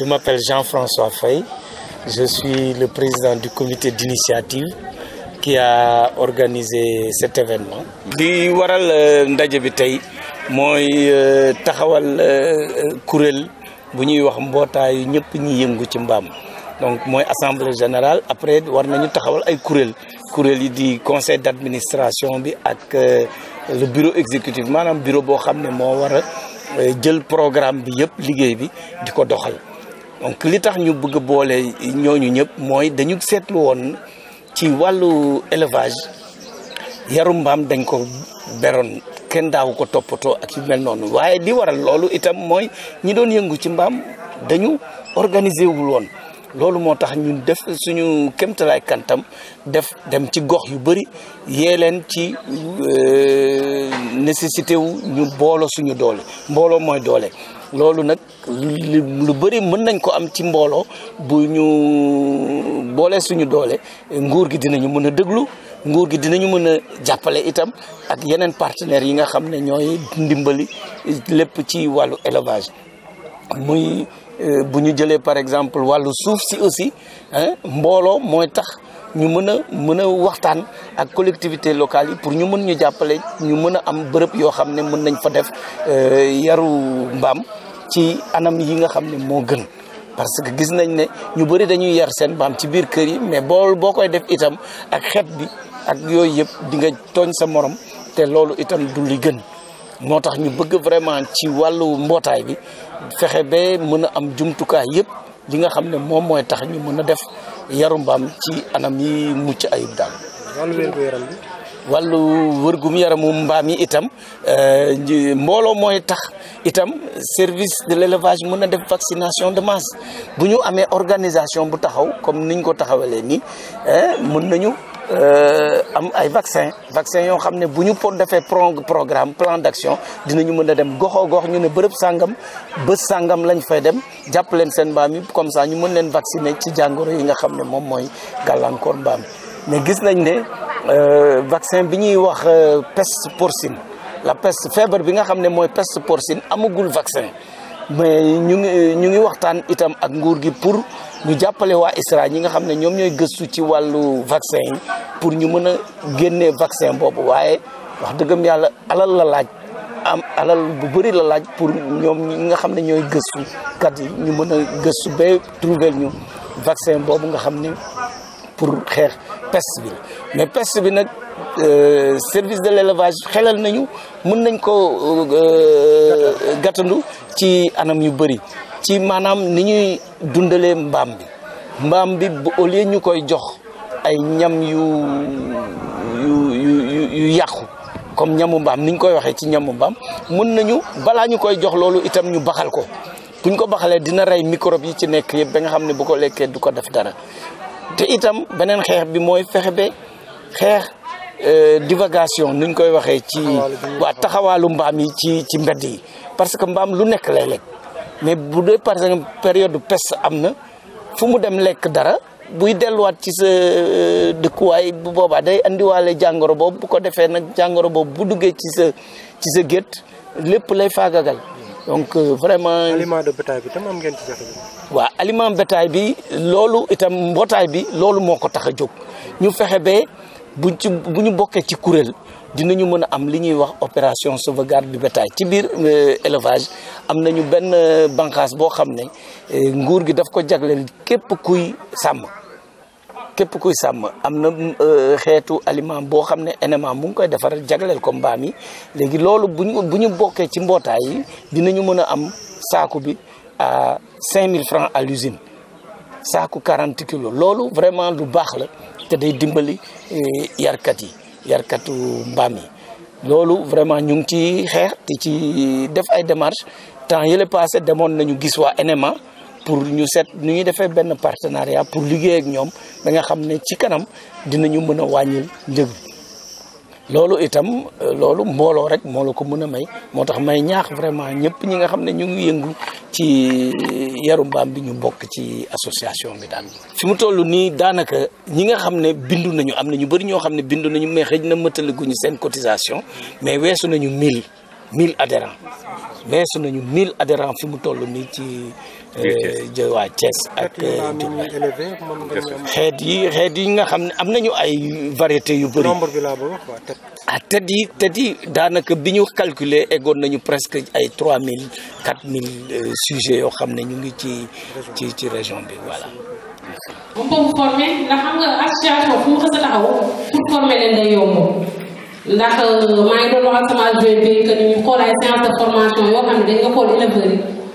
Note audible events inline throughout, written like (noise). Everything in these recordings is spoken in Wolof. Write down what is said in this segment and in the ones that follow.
Je m'appelle Jean-François Fay. Je suis le président du comité d'initiative qui a organisé cet événement. li waral euh, ndaje bi tey mooy euh, taxawal euh, kuréel bu ñuy wax mbootaayu ñepp ñi yëngu ci mbam. donc moy assemblée générale après war nañu taxawal ay kurel, kurel yi di conseil d'administration bi ak le bureau exécutif manam bureau bo xam ne wara jël programme bi yëpp liggéey bi diko doxal. donc li tax ñu bëgg a boole ñooñu ñëpp mooy dañu seetlu woon ci wàllu élevage yarum mbaam dañ ko beroon kenn daaw ko toppatoo ak yu mel noonu waaye li waral loolu itam mooy ñi doon yëngu ci mbaam dañu organiser wul woon loolu moo tax ñu def suñu kéemtalaay kantam def dem ci gox yu bëri yee leen ci euh, nécessité wu ñu boolo suñu doole mbooloo mooy doole loolu nag lu bëri mën nañ ko am ci mbooloo bu ñu boolee suñu doole nguur gi dinañu mën a déglu nguur gi dinañu mën a jàppale itam ak yeneen partenaires yi nga xam ne ñooy ndimbali lépp ci wàllu élevage muy Euh, bu ñu jëlee par exemple wàllu suuf si aussi mbooloo mooy tax ñu mën a mën a waxtaan ak collectivité locale yi pour ñu mën ñu jàppale ñu mën a am bërëb yoo xam ne mën nañ fa def euh, yaru mbaam ci anam yi nga xam ne moo gën parce que gis nañ ne ñu bëri dañuy yar seen mbaam ci biir kër yi mais bool boo koy def itam ak xet bi ak yooyu yëpp dinga tooñ sa morom te loolu itam du li gën moo tax ñu bëgg vraiment ci wàllu mbootaay bi fexe ba mën a am jumtukaay yëpp li nga xam ne moom mooy tax ñu mun a def yarum mbaam ci anam yi mucc ayib daal. wàllu wérgu yaram bi. wàllu wërgum yaramu mbaam yi itam euh, mbooloo mooy tax itam service de l'élevage mun a def vaccination de masse bu ñu amee organisation bu taxaw comme niñ ko taxawalee nii mën nañu. Euh, am ay vaccin vaccin yoo xam ne bu ñu pour defee programme plan d'action dinañu mën a dem goxoo gox ñu ne bërëb sàngam bés sàngam lañ fay dem jàpp leen seen mbaam yi comme ça ñu mën leen vacciner ci jàngoro yi nga xam ne moom mooy gàllankoor mbaam mais gis nañ ne euh, vaccin bi ñuy wax euh, pest porcine la peste feebar bi nga xam ne mooy pest porcine amagul vaccin mais ñu ngi ñu ngi waxtaan itam ak nguur gi pour ñu jàppale waa ISRA ñi nga xam ne ñoom ñooy gëstu ci wàllu vaccin yi pour ñu mën a génnee vaccin boobu waaye wax dëggam yàlla alal la laaj am alal bu bëri la laaj pour ñoom ñi nga xam ne ñooy gëstu kat yi ñu mën a gëstu ba trouver ñu vaccin boobu nga xam ne pour xeex pest bi mais peste bi nag euh, service de l'élevage xelal nañu mën nañ ko euh, gàttandu ci anam yu bëri ci maanaam ni ñuy dundalee mbaam bi mbaam bi au lieu ñu koy jox ay ñam yu yu yu comme ñamu mbaam ni ñu koy waxee ci ñamu mbaam mën nañu balaa ñu koy jox loolu itam ñu baxal ko buñ ko baxalee dina rey microbe yi ci nekk yëpp ba nga xam ne bu ko lekkee du ko def dara te itam beneen xeex bi mooy fexe ba xeex euh, divagation nuñ koy waxee ci waa taxawaalu mbaam yi ci ci mbedd yi parce que mbaam lu nekk lay lekk mais bu dee par exemple période peste am na fu mu dem lekk dara buy delluwaat ci sa euh, dëkkuwaay bu boobaa day indiwaale jàngoro boobu bu ko defee nag jàngoro boobu bu duggee ci sa ci sa gétt lépp lay faagagal donc euh, vraiment. aliment de bétail bi tam am ngeen ci jafe waaw aliment bétail bi loolu itam mbootaay bi loolu moo ko tax a jóg ñu fexe ba buñ ci bu ñu bokkee ci kuréel. dinañu mën a am li ñuy wax opération sauvegarde du bétail ci biir euh, élevage am nañu benn euh, bànqaas boo xam ne euh, nguur gi daf ko jagleel képp kuy sàmm képp kuy sàmm am na xeetu aliment boo xam ne NMA mu ngi koy defar jagleel ko mbaam yi léegi loolu bu ñu bokkee ci mbootaay yi dinañu mën a am saaku bi à 5000 francs à l'usine saaku 40 kilos loolu vraiment lu baax la te day dimbali yarkat yi yarkatu mbaam yi loolu vraiment ñu ngi ci xeex te ci def ay démarches temps yële passé demoon nañu gis waa NMA pour ñu set nu ñuy defee benn partenariat pour liggéey ak ñoom da nga xam ne ci kanam dina ñu mën a wàññil njëg loolu itam euh, loolu mbooloo rek moo la ko mun a may moo tax may ñaax vraiment ñëpp ñi nga xam ne ñu ngi yëngu ci yarum mbaam bi ñu bokk ci association bi daal. fi mu toll nii daanaka ñi nga xam ne bindu nañu am na ñu bëri ñoo xam ne bindu nañu mais xëj na mëtaliguñu seen cotisation mais weesu nañu mille mille adhérents weesu nañu mille adhérents fi mu toll nii ci. Euh, waa Thiès ak euh, xeet yi xeet yi nga xam ne am nañu ay variété yu bëri ah tet yi tet yi daanaka bi ñu calculer eggoon nañu presque ay trois mille quatre mille euh, sujets yoo xam ne ñu ngi ci ci ci région bi voilà mu xës ndax maa ngi doon wax ak sama AVP que ñu xool ay séance formation yoo xam ne dañ nga xool éleveurs yi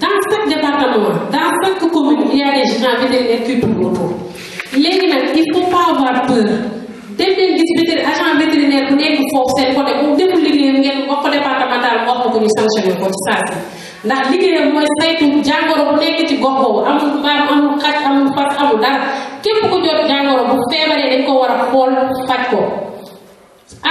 Dans chaque département, dans chaque commune, il y a des gens vétérinaires des tournent autour. léegi nag il faut pas avoir peur dem leen gis vétér agent vétérinaire bu nekk foofu seen côté bu deful liggéeyam ngeen wax ko départemental wax ko ko ñu sanctionné ko ci saa si ndax liggéeyam mooy saytu jangoro bu nek ci gox amul mbaam amul xat amul fas amul dara kep ko jot jangoro bu feebaree dañ ko wara xol xool ko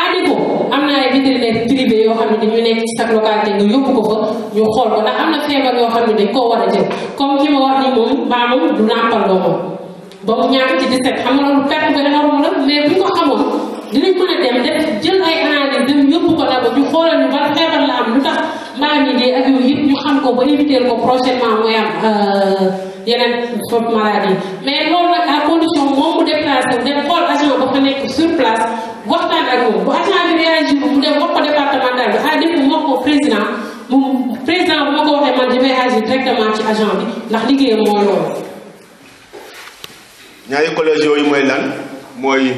adiko am na ay vétérinaire privé yoo xam ne dañu nekk ci sa localité nga yóbbu ko fa ñu xool ko ndax am na feebar yoo xam ne dañ koo war a jël comme ki ma wax ni moom maamam la mais bu ñu ko xamoon dinañ mën a dem def jël ay analyse dem yóbbu ko labo ñu xoolal ñu ban feebar la am lu tax mbaam yi dee ak yooyu ñu xam ko ba éviter ko prochainement mooy am euh, yeneen faute maladie mais loolu nag waxtaan ak moom bu agent bi réagir bu dem wax ko départemental bi ah lépp wax ko président mu président bu ma ko waxee man damay agir directement ci agent bi ndax liggéeyam moo loolu. ñaari collège yooyu mooy lan mooy.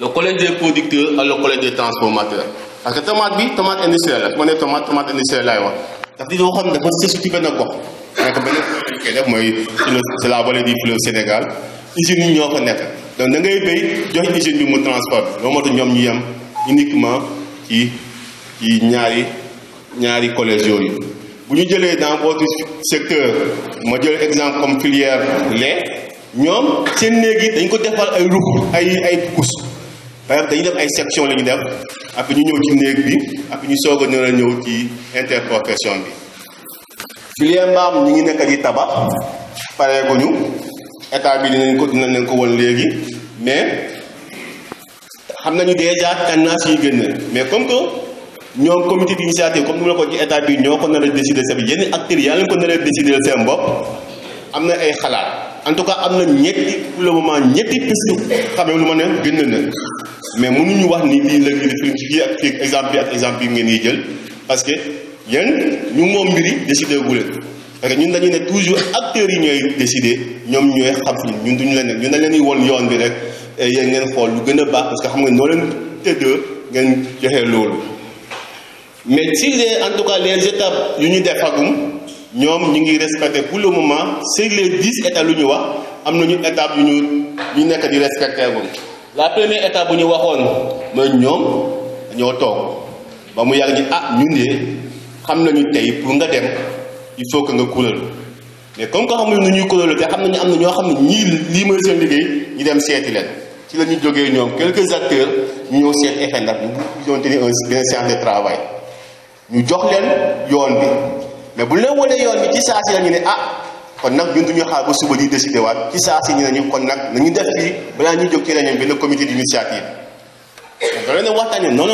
le collège des producteurs ak le collège des transformateurs parce que tomate bi tomate industrielle la su ma nee tomate tomate industrielle laay wax ndax di doo xam dafa sës ci benn gox nekk benn koy def mooy sur la vallée du fleuve Sénégal usine yi ñoo fa nekk. donc da ngay béy jox usine bi mu transport bi loo moo tax ñoom ñu yem uniquement ci ci ñaari ñaari collèges yooyu bu ñu jëlee dans votre secteur ma jël exemple comme filière lait ñoom seen néeg yi dañ ko defal ay ruq ay ay couches par exemple dañu def ay section lañu ñu def après ñu ñëw ci néeg bi après ñu soog a nar a ñëw ci interprofession bi filière mbaam ñu ngi nekk di tabax pareeguñu état bi dinañ ko dinañ leen ko won léegi mais xam nañu déjà tendance yi gën na mais comme que ñoom comité d'initiative comme ni ma la ko ci état bi ñoo ko nar a décider bi yenn acteurs yaa leen ko nar a décider bopp am na ay xalaat en tout cas am na ñetti pour le moment ñetti piste xam lu ma ne gën na mais mënuñu wax ni lii la lii fii ak fii exemple bi ak exemple bi ngeen yi jël parce que yéen ñu moom mbiri décider gu leen parce que ñun dañuy ne toujours acteurs yi ñooy décider ñoom ñooy xam fi ñun duñu leen ñun dañ leen di woon yoon bi rek eh, yéen ngeen xool lu gën a baax parce que xam nga noo leen tëddee ngeen joxe loolu mais si les en tout cas les étapes yu ñu defagum ñoom ñu ngi respecté pour le moment sur les dix étapes lu ñu wax am ñu étape yu ñu ñu nekk di respecté gum la première étape bu ñu waxoon mooy ñoom dañoo toog ba mu yàgg ñi ah ñun de xam nañu tey pour nga dem il faut que nga kuréelu mais comme ko xam ne nu ñuy kuréelu te xam nañu am na ñoo xam ne ñii lii mooy seen liggéey ñu dem seeti leen ci la ñu jógee ñoom quelques acteurs ñu ñëw seet effet ndax ñu doon tenir un benn séance de travail ñu jox leen yoon bi mais bu leen wanee yoon bi ci saa si la ñu ne ah kon nag ñun duñu xaar ba suba di décidé waat ci saa si ñu ne kon nag nañu def fii balaa ñuy jóg ci réunion benn comité d' initiative. donc da leen waxtaanee non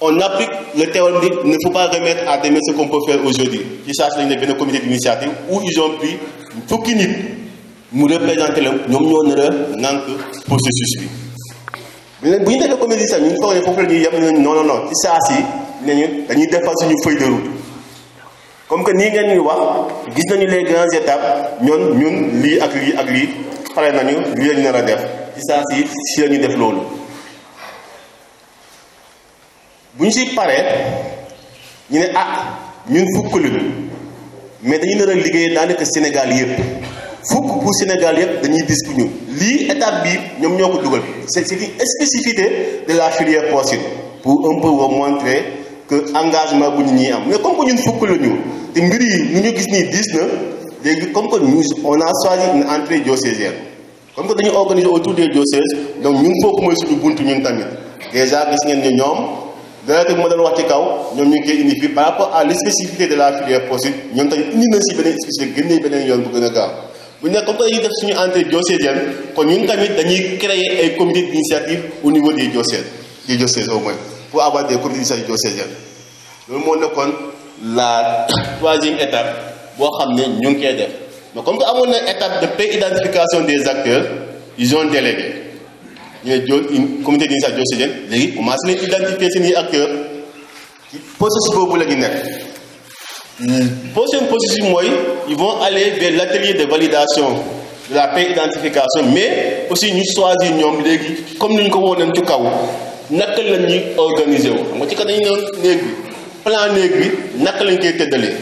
on applique le théorème dit ne faut pas remettre à demain ce qu'on peut faire aujourd'hui ci saa si lañu ne benn comité d'initiative où ils ont fukki nit mu représenté la ñoom ñoo nar a nànk processus bi. bu ñu bu defee comité d'initiative ñu foog ne la ñuy yem ne non non non ci saa si nañu dañuy defar suñu feuille comme que nii ngeen ñuy wax gis nañu les grandes étapes ñoon ñun lii ak lii ak lii pare nañu lii la ñu a def ci saa si si la ñu def loolu. bu ñu si paree ñu ne ah ñun fukk la mais dañu nar a liggéey daanaka Sénégal yépp fukk pour Sénégal yépp dañuy bis ñu li étape bi ñom ñoko duggal c'est c' est une spécificité de la filière porcine pour un peu vous montrer que engagement bu ñi ñuy am mais comme que ñun fukk la ñu te mbir yi ñu ñu gis nii diis na comme que ñu on a choisi une entrée diocésaine comme que dañu organiser autour des diocèses donc ñun foofu moy suñu buntu ñun tamit déjà gis ngeen ni ñom dana teg ma doon wax ci kaw ñoom ñu ngi koy indi fii par rapport à l' de la filière possible ñoom tamit indi nañ si beneen spécificité génnee beneen yoon bu gën a gaaw bu nekk comme que def suñu entrée diocésaine kon ñun tamit dañuy créer ay comités d' au niveau des diocèses des diocèses au moins pour avoir des comités d' initiative diocésaines loolu moo nekkoon la (coughs) troisième étape boo xam ne ñu ngi koy def mais comme que amoon na étape de pré-identification des acteurs ils ont délégué ñu ne jël une comité d'initiative jël si leen léegi commencé nañ identifier seen i acteurs ci processus boobu la ñu nekk. Hmm. prochain processus mooy ils vont aller vers l' atelier de validation de la pré-identification mais aussi ñu choisir ñoom léegi comme ni ñu ko woonoon ci kaw naka la ñuy wu xam nga ci kat dañu ne néeg bi plan néeg bi naka lañ koy tëddalee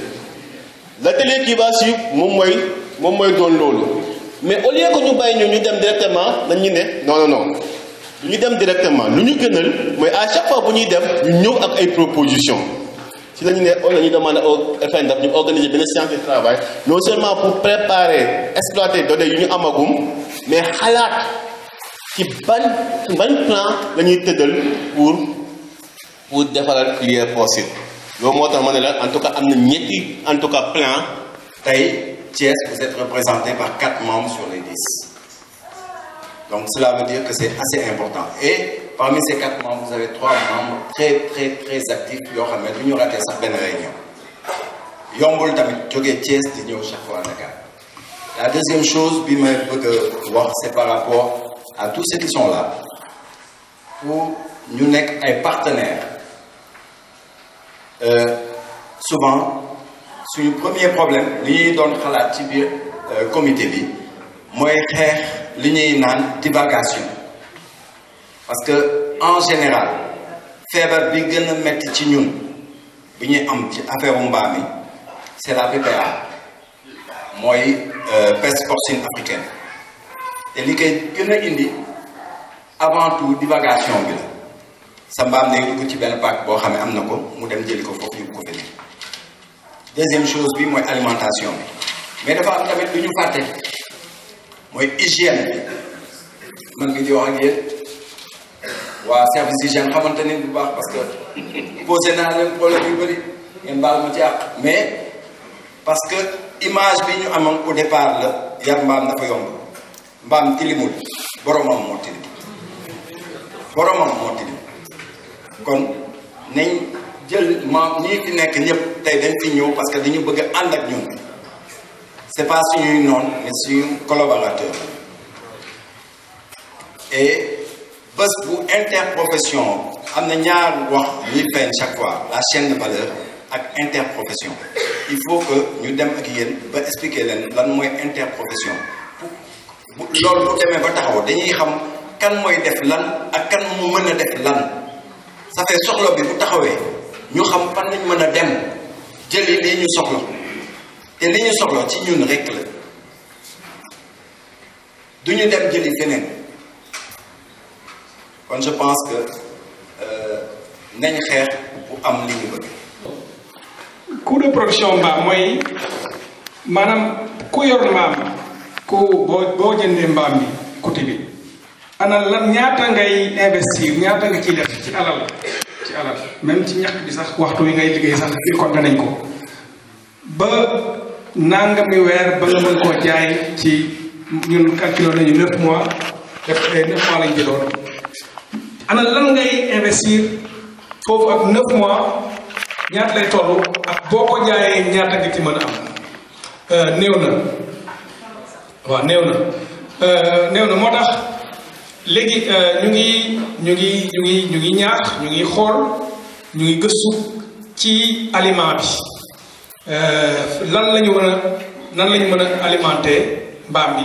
l' atelier qui va moom mooy moom mooy doon loolu. mais au lieu que ñu bàyyi ñu ñu dem directement non non non ñu dem directement lu ñu gënal mais à chaque fois bu ñuy dem ñu avons ak ay propositions si nous ñu on la demandé au FNDAF ñu organiser séance de travail non seulement pour préparer exploiter données yu ñu amagum mais l'art, qui ban un ban plan nous ñuy pour pour défendre filière fossile Donc, moo tax la en tout cas am na en tout cas plan tey vous êtes représenté par 4 membres sur les 10. Donc cela veut dire que c'est assez important. Et parmi ces 4 membres, vous avez 3 membres très très très actifs qui ont ne du ñu raté sax benn réunion yombul tamit jógee La deuxième chose bi je bëgg c'est par rapport à tous ceux qui sont là pour ñu un partenaire partenaires euh, souvent suñu premier problème li ñuy doon xalaat ci biir euh, comité bi mooy xeex li ñuy naan divagation parce que en général feebar bi gën a metti ci ñun bi ñuy am ci affaire u mbaam mi c'est la PPA mooy euh, peste porcine africaine te li koy gën a indi avant tout divagation bi la sa mbaam day dugg ci benn pàcc boo xam ne am na ko mu dem jëli ko foofu yóbbu ko feneen Deuxième chose, c'est l'alimentation. Mais nous avons fait une partie. C'est l'hygiène. Je ne sais pas si vous avez dit que Je ne dit pas vous avez dit que vous avez dit que vous avez dit vous avez dit que vous parce que l'image que nous avons au départ, c'est que nous avons fait un peu de Nous avons fait un peu de Nous avons fait un peu de temps. Donc, nous avons jël ma ñi fi nekk ñëpp tey dañ fi ñëw parce que dañu bëgg a ànd ak ñun c'est pas suñuy noon mais suñu collaborateur et bés bu interprofession am na ñaar wax ñuy feeñ chaque fois la chaîne de valeur ak interprofession il faut que ñu dem ak yéen ba expliquer leen lan mooy interprofession bu loolu bu demee ba taxaw dañuy xam kan mooy def lan ak kan mu mën a def lan ça fait soxla bi bu taxawee ñu xam fan lañ mën a dem jëli li ñu soxla te li ñu soxla ci ñun rekk la du ñu dem jëli feneen kon je pense que euh, nañ xeex bu am li ñu bëgg. coût de production mbaam mooy maanaam ku yor mbaam ku boo boo jëndee mbaam bi côté bi. ana lan ñaata ngay investir ñaata nga ciy def ci alal. ci alal même ci ñàkk bi sax waxtu yi ngay liggéey sax fi compté nañ ko ba nangami weer ba nga mën koo jaay ci ñun calculé nañu neuf mois def ay neuf mois lañ jëloon ana lan ngay investir foofu ak neuf mois ñaata lay toll ak boo ko jaayee ñaata nga ci mën a am euh, néew na waaw néew na euh, néew na moo tax legi ñu eh, ngi ñu ngi ñu ngi ñu ngi ñaax ñu ngi xol ñu ngi gëssu ci aliment bi eh, lan lañu mëna nan lañu mëna alimenter bi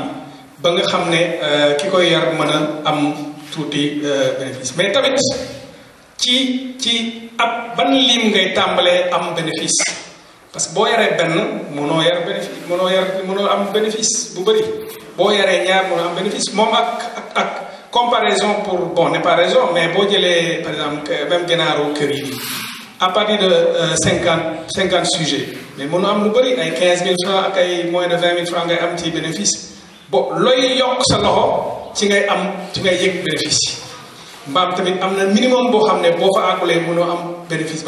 ba nga xam euh eh, kiko yar mëna am am euh bénéfice mais tamit ci ci ab ban lim ngay tambalé am bénéfice parce que boo yaree benn mënoo yar bénéfice mëno yar mëno am bénéfice bu bari bo yaré ñaar mëno am bénéfice mom ak ak ak comparaison pour, bon, n'est pas raison, mais vous avez, par exemple, euh, même Genaro Kerini, à partir de 50, euh, 50 sujets. Mais mon âme, il 15 000 francs, moins de 20 000 francs, il y a un petit bénéfice. Bon, ce qui est c'est un tu as un bénéfice. Il y a un minimum de bénéfice.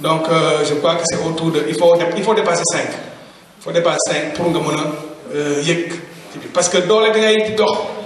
Donc, euh, je crois que c'est autour de. Il faut, il faut dépasser 5. Il faut dépasser 5 pour que tu aies un Parce que dans les dorment,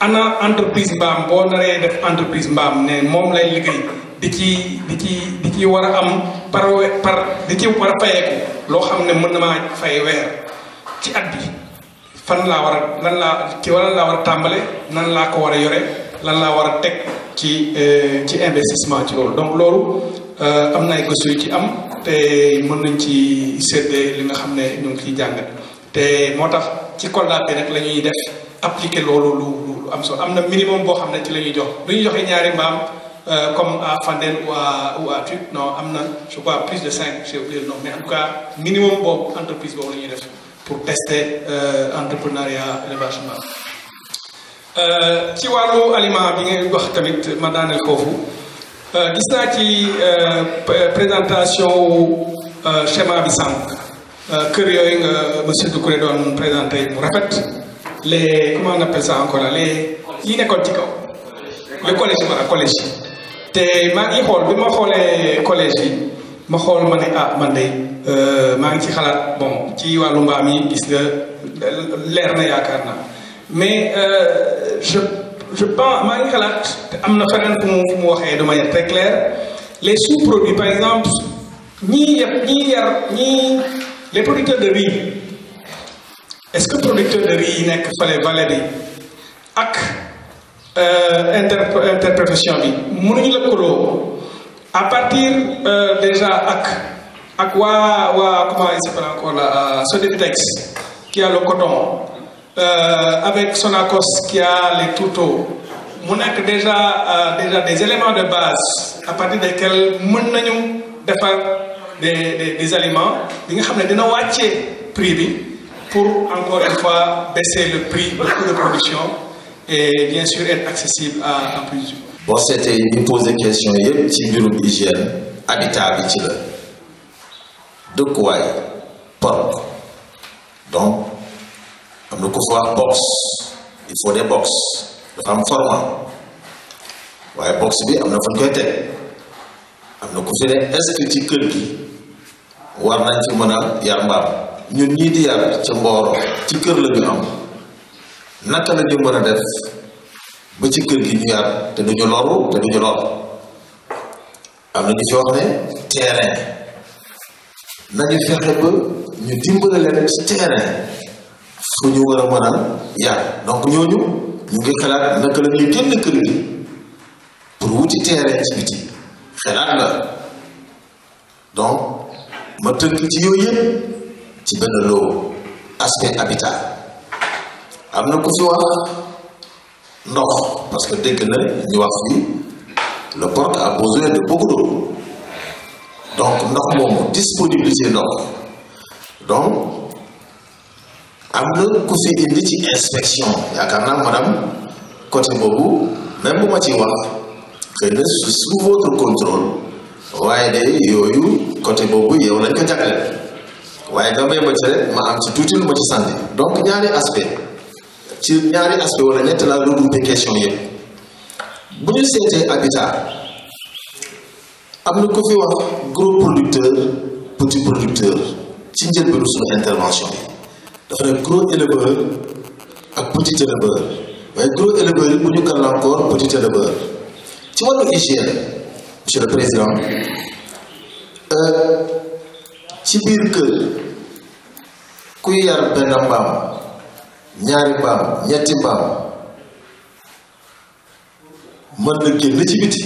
ana entreprise mbaam boo naree def entreprise mbaam ne moom lay liggéey di ci di ci ci war a am par par di ci war a fayeeku loo xam ne mën na maa fay weer ci at bi fan laa war a lan laa ci wala laa war a tàmbale nan laa ko war a yore lan laa war a teg ci eh, ci investissement ci loolu donc loolu eh, am na ay gëstu yu ci am te mën nañ ci séddee li nga xam ne ñu ngi ciy jàngat te moo tax ci Kolda bi nag la ñuy def appliquer loolu lu lu am solo am na minimum boo xam ne ci la ñuy jox bu ñu joxee ñaari mbaam euh, comme à Fandel ou à ou à Tuc non am na je crois plus de 5 j'ai oublié le nom mais en tout cas minimum boobu entreprise boobu la ñuy def pour tester euh, entrepreneuriat élevage mbaam euh, ci wàllu aliment bi ngay wax tamit ma daaneel foofu euh, gis naa ci présentation schéma bi sànq kër yooyu nga monsieur Doucouré doon présenté mu rafet les comment on appelle ça encore les les les voilà collèges collège ma ah ci eh, bon ci gis mais je pense Les ngi Les Les Les très claire les sous-produits par exemple ni les producteurs de riz est-ce que producteur de riz yi nekk fallait valider bi ak euh, inter interprofession bi la lëkkaloo à partir euh, déjà ak ak wa wa comment il s'appelle encore là euh, Sodefitex qui a le coton avec son Sonacos qui a les tourteaux mon acte déjà déjà des éléments de base à partir desquels mën de faire des des aliments bi nga xam ne dina prix pour encore une fois baisser le prix, de production et bien sûr être accessible à, plusieurs. plus. c'était une une question Il y a petit habitat De quoi quoi? porc donc Donc, Il box il faut des box Le format Ouais, box bi est-ce que tu tu il y a ñun ñii di ca mbooro ci kër la am naka la ñu mën a def ba ci kër gi ñu yàgg te duñu loru te duñu lor am na ñu fi wax ne terrain nañu fexe ba ñu dimbale leen ci terrain fu ñu war a mën a yàgg donc ñooñu ñu ngi xalaat naka la ñuy kër gi pour wuti terrain ci biti xalaat la donc ma tënk ci yooyu ci benn l'eau, aspect habitat Vous parce que dès que nous wax le port a besoin de beaucoup d'eau donc ndox disponibilité donc na inspection yaakaar madame côté Bobou même bu ci wax sous votre contrôle waaye day côté boobu waaye nga may ma ci rek ma am ci tuuti lu ma ci sànni donc ñaari aspect ci ñaari aspect wala ñett laa regroupé question yëpp bu ñu seetee habitat am na ko fi wax gros producteur petit producteur ci njëlbéenu suñu intervention yi dafa ne gros éleveur ak petit éleveur waaye gros éleveur yi bu ñu gàllankoor petit éleveur ci wàllu hygiène monsieur le président. Euh, ci biir kër kuy yar benn mbaam ñaari mbaam ñetti mbaam mën na génn ci biti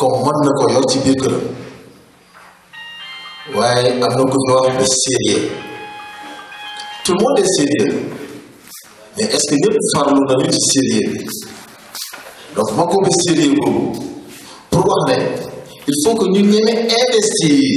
comme mën na ko yor ci biir këram waaye am na ku ñu wax le sérieux tout le monde est mais est-ce que ñëpp farlu nañu ci sérieux donc ma ko bi sérieux boobu pour wax ne il faut que ñu ñeme investir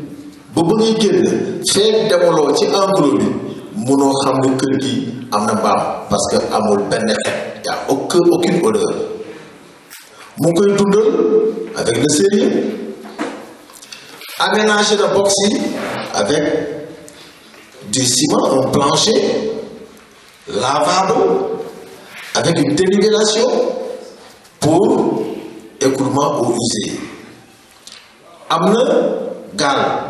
ba ba c'est génn ci enclos bi munoo kër gi amna parce que amul benn xet y'a aucun aucune odeur mu koy dundal avec le sérieux aménager la box avec du ciment un plancher lavabo avec une dénivellation pour écoulement eau usée amna gal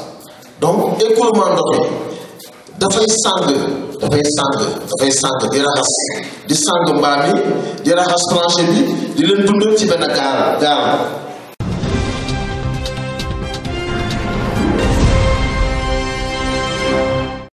donc écoulement sang, De dafay sàng dafay sàng de sàng di raxas de sàng mbaam yi de tranché di qui ci